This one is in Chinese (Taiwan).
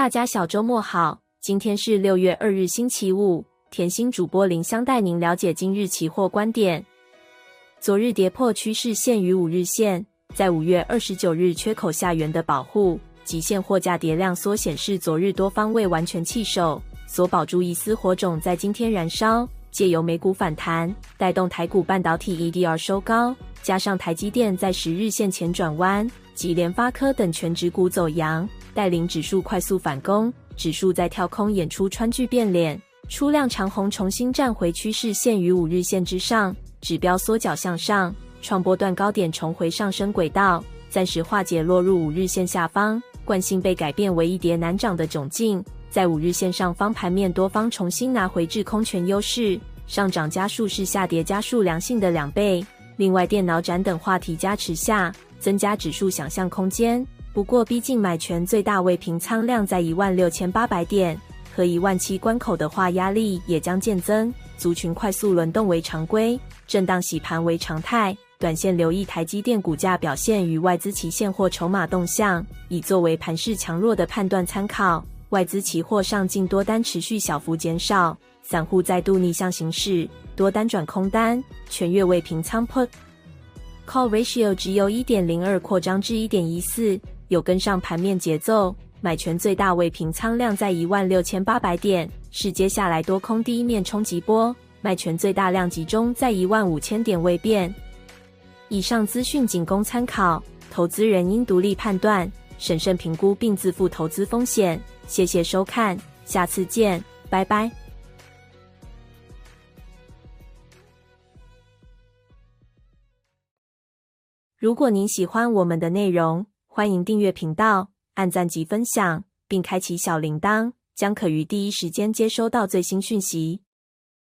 大家小周末好，今天是六月二日，星期五。甜心主播林香帶您了解今日期貨觀點。昨日跌破趨勢線與五日線，在五月二十九日缺口下緣的保護及現貨價跌量縮顯示昨日多方未完全棄守，所保住一絲火種在今天燃燒。借由美股反彈，帶動台股半導體 ADR 收高，加上台積電在十日線前轉彎。及聯發科等權值股走陽，帶領指數快速反攻，指數再跳空演出川劇變臉，出量長紅重新站回趨勢線與五日線之上，指標縮腳向上，創波段高點重回上升軌道，暫時化解落入五日線下方，慣性被改變為易跌難漲的窘境，在五日線上方盤面多方重新拿回制空權優勢，上漲家數是下跌家數良性的兩倍，另外電腦展等話題加持下，增加指數想象空間，不過逼近買權最大未平倉量在一萬六千八百點和一萬七關口的話，壓力也將漸增。族群快速輪動為常規，震盪洗盤為常態。短線留意台積電股價表現與外資期現貨籌碼動向，以作為盤勢強弱的判斷參考。外資期貨上淨多單持續小幅減少，散戶再度逆向行駛，多單轉空單，全月未平倉 put。Call ratio 值由1.02擴張至1.14，有跟上盤面節奏。買權最大未平倉量在16800點，是接下來多空第一面衝擊波。賣權最大量集中在15000點未變。以上資訊僅供參考，投資人應獨立判斷，審慎評估並自負投資風險。謝謝收看，下次見，拜拜。如果您喜歡我們的內容，歡迎訂閱頻道，按贊及分享，並開啟小鈴鐺，將可於第一時間接收到最新訊息。